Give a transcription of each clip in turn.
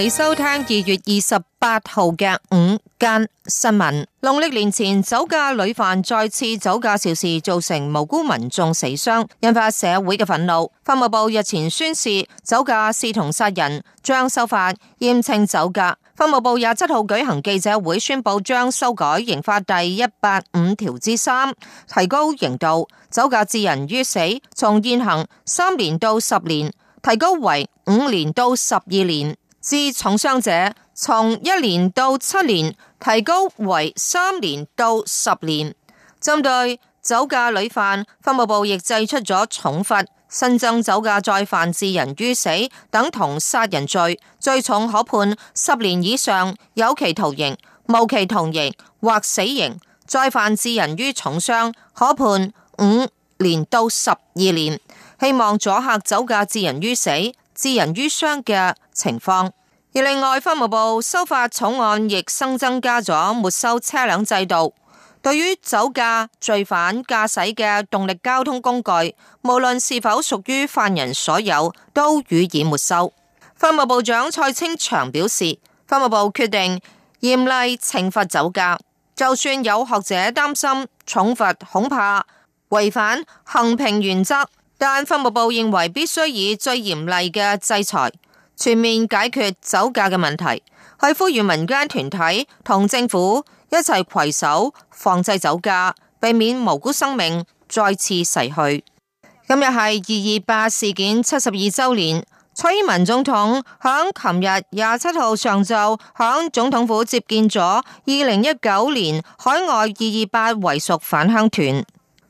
你收聽二月二十八號嘅午間新聞。農曆年前酒駕屢犯再次酒駕肇事，造成無辜民眾死傷引發社會嘅憤怒。法務部日前宣示酒駕視同殺人，將修法嚴懲酒駕。法務部廿七號舉行記者會，宣布將修改刑法第一百八十五條之三，提高刑度。酒駕致人於死，從現行三年到十年，提高為五年到十二年。致重傷者從一年到七年，提高為三年到十年。針對酒駕屢犯，法務部亦祭出咗重罰，新增酒駕再犯致人於死等同殺人罪，最重可判十年以上有期徒刑、無期徒刑或死刑。再犯致人於重傷可判五年到十二年。希望阻嚇酒駕致人於死、致人於傷嘅情況。而另外，法務部修法草案亦新增加咗沒收車輛制度，對於酒駕罪犯駕駛嘅動力交通工具，無論是否屬於犯人所有，都予以沒收。法務部長蔡清祥表示，法務部決定嚴厲懲罰酒駕，就算有學者擔心重罰恐怕違反衡平原則，但法務部認為必須以最嚴厲嘅制裁。全面解決酒駕嘅問題，去呼籲民間團體同政府一齊攜手防治酒駕，避免無辜生命再次逝去。今日係二二八事件七十二週年，蔡英文總統響琴日廿七號上晝響總統府接見咗二零一九年海外二二八遺屬返鄉團。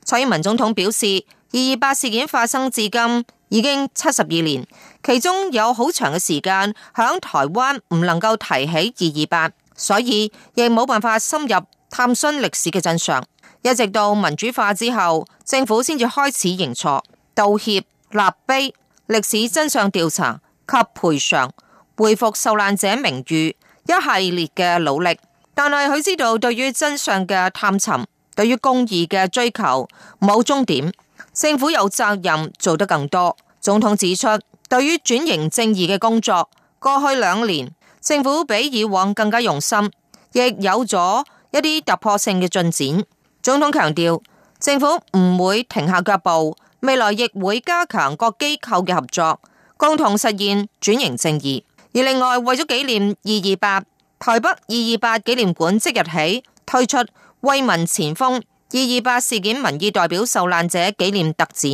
蔡英文總統表示，二二八事件發生至今，已經七十二年，其中有好長嘅時間響台灣唔能夠提起二二八，所以亦冇辦法深入探尋歷史嘅真相。一直到民主化之後，政府先至開始認錯、道歉、立碑、歷史真相調查及賠償、回復受難者名譽一系列嘅努力。但係佢知道對於，對於真相嘅探尋，對於公義嘅追求，冇終點。政府有責任做得更多。總統指出，對於轉型正義嘅工作，過去兩年政府比以往更加用心，亦有咗一啲突破性嘅進展。總統強調，政府唔會停下腳步，未來亦會加強各機構嘅合作，共同實現轉型正義。而另外，為咗紀念二二八，台北二二八紀念館即日起推出為民前鋒。二二八事件民意代表受難者紀念特展，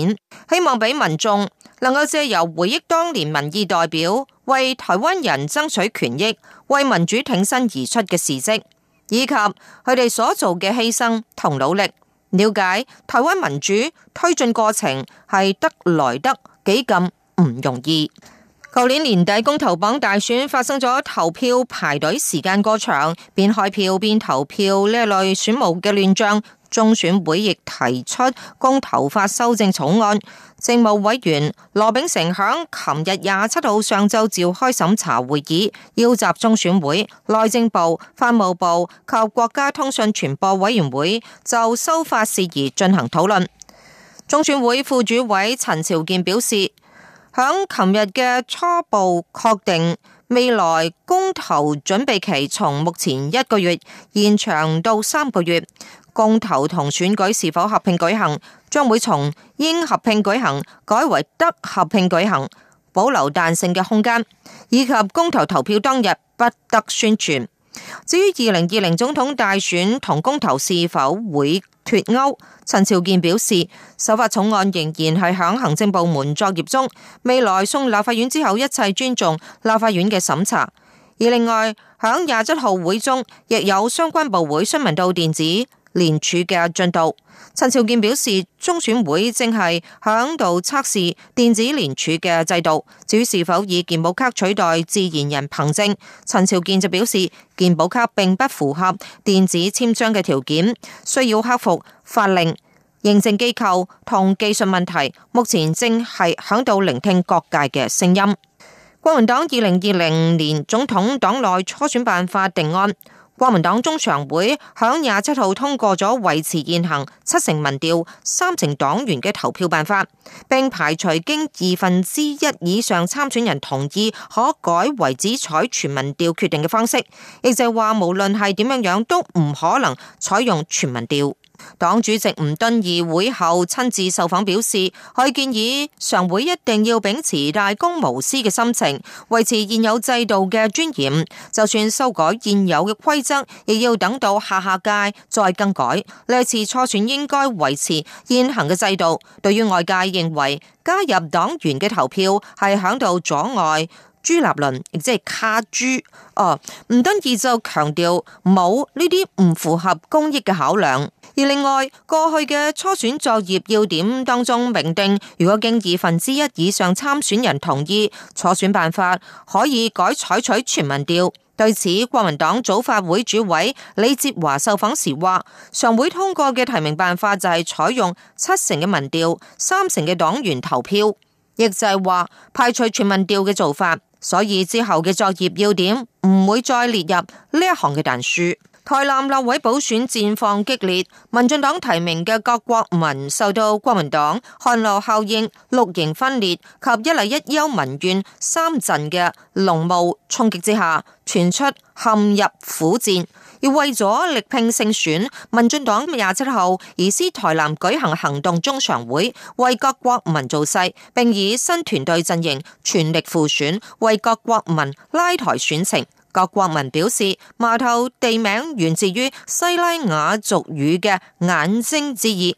希望俾民眾能夠借由回憶當年民意代表為台灣人爭取權益、為民主挺身而出嘅事蹟，以及佢哋所做嘅犧牲同努力，了解台灣民主推進過程係得來得幾咁唔容易。舊年年底公投綁大選發生咗投票排隊時間過長、邊開票邊投票呢類選務嘅亂象。中選會亦提出公投法修正草案，政務委員羅秉成響琴日廿七號上晝召開審查會議，邀集中選會、內政部、法務部及國家通訊傳播委員會就修法事宜進行討論。中選會副主委陳朝健表示，響琴日嘅初步確定，未來公投準備期從目前一個月延長到三個月。公投同選舉是否合併舉行，將會從應合併舉行改為得合併舉行，保留彈性嘅空間，以及公投投票當日不得宣傳。至於二零二零總統大選同公投是否會脫鉤，陳朝健表示，首發草案仍然係響行政部門作業中，未來送立法院之後，一切尊重立法院嘅審查。而另外響廿七號會中，亦有相關部會詢問到電子聯署嘅進度，陳朝健表示，中選會正係響度測試電子聯署嘅制度。至於是否以健保卡取代自然人憑證，陳朝健就表示，健保卡並不符合電子簽章嘅條件，需要克服法令、認證機構同技術問題。目前正係響度聆聽各界嘅聲音。國民黨二零二零年總統黨內初選辦法定案。國民黨中常會響廿七號通過咗維持現行七成民調、三成黨員嘅投票辦法，並排除經二分之一以上參選人同意可改為只採全民調決定嘅方式，亦就係話，無論係點樣樣都唔可能採用全民調。黨主席吳敦義會後親自受訪，表示佢建議常會一定要秉持大公無私嘅心情，維持現有制度嘅尊嚴。就算修改現有嘅規則，亦要等到下下屆再更改。呢次初選應該維持現行嘅制度。對於外界認為加入黨員嘅投票係響度阻礙朱立倫，亦即係卡朱，哦，吳敦義就強調冇呢啲唔符合公益嘅考量。而另外，過去嘅初選作業要點當中明定，如果經二分之一以上參選人同意，初選辦法可以改採取全民調。對此，國民黨組發會主委李哲華受訪時話，常會通過嘅提名辦法就係採用七成嘅民調、三成嘅黨員投票，亦就係話排除全民調嘅做法。所以之後嘅作業要點唔會再列入呢一行嘅但書。台南立委補選戰況激烈，民進黨提名嘅郭國文受到國民黨韓流效應、綠營分裂及一例一休民怨三陣嘅濃霧衝擊之下，傳出陷入苦戰。而為咗力拼勝選，民進黨廿七號移師台南舉行行動中常會，為郭國文造勢，並以新團隊陣營全力輔選，為郭國文拉台選情。各國民表示，麻豆地名源自於西拉雅族語嘅眼睛之意。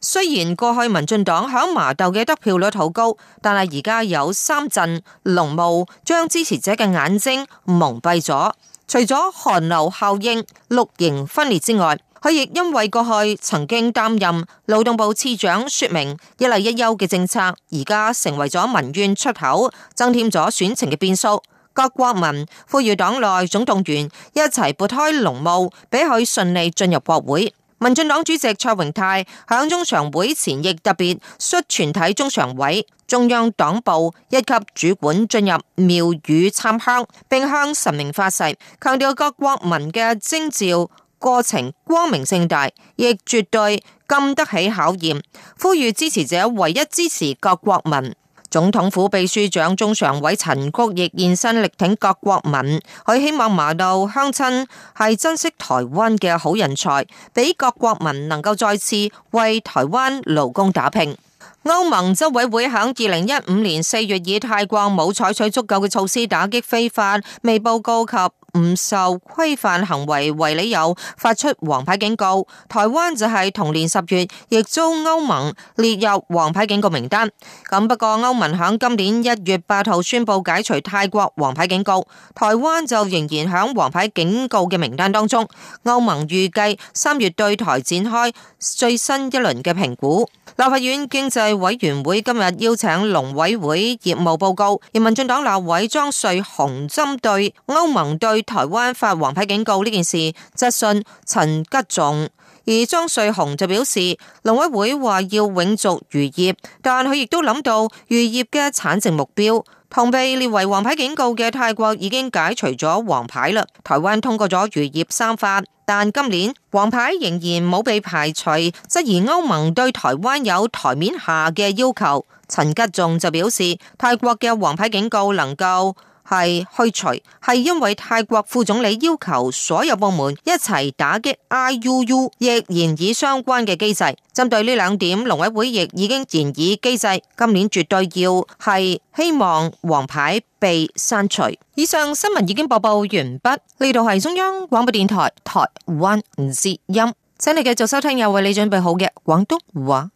雖然過去民進黨響麻豆嘅得票率好高，但係而家有三陣濃霧將支持者嘅眼睛蒙蔽咗。除咗韓流效應、綠營分裂之外，佢亦因為過去曾經擔任勞動部次長，說明一例一休嘅政策，而家成為咗民怨出口，增添咗選情嘅變數。各國民呼籲黨內總動員一齊撥開濃霧，俾佢順利進入國會。民進黨主席卓榮泰響中常會前亦特別率全體中常委、中央黨部一級主管進入廟宇參香，並向神明發誓，強調各國民嘅徵召過程光明正大，亦絕對禁得起考驗。呼籲支持者唯一支持各國民。總統府秘書長中常委陳菊亦現身力挺各國民，佢希望麻豆鄉親係珍惜台灣嘅好人才，俾各國民能夠再次為台灣勞工打拼。歐盟執委會響二零一五年四月以泰國冇採取足夠嘅措施打擊非法、未報告及唔受規範行為為理由發出黃牌警告，台灣就係同年十月亦遭歐盟列入黃牌警告名單。咁不過歐盟響今年一月八號宣布解除泰國黃牌警告，台灣就仍然響黃牌警告嘅名單當中。歐盟預計三月對台展開最新一輪嘅評估。立法院經濟委員會今日邀請農委會業務報告，而民進黨立委莊瑞雄針對歐盟對台灣發黃牌警告呢件事，質詢陳吉仲，而莊瑞雄就表示，農委會話要永續漁業，但佢亦都諗到漁業嘅產值目標，同被列為黃牌警告嘅泰國已經解除咗黃牌啦。台灣通過咗漁業三法，但今年黃牌仍然冇被排除，質疑歐盟對台灣有台面下嘅要求。陳吉仲就表示，泰國嘅黃牌警告能夠係去除，係因為泰國副總理要求所有部門一齊打擊 I U U，亦然以相關嘅機制。針對呢兩點，農委會亦已經然以機制，今年絕對要係希望黃牌被刪除。以上新聞已經播報完畢，呢度係中央廣播電台台灣之音，請你繼續收聽，有為你準備好嘅廣東話。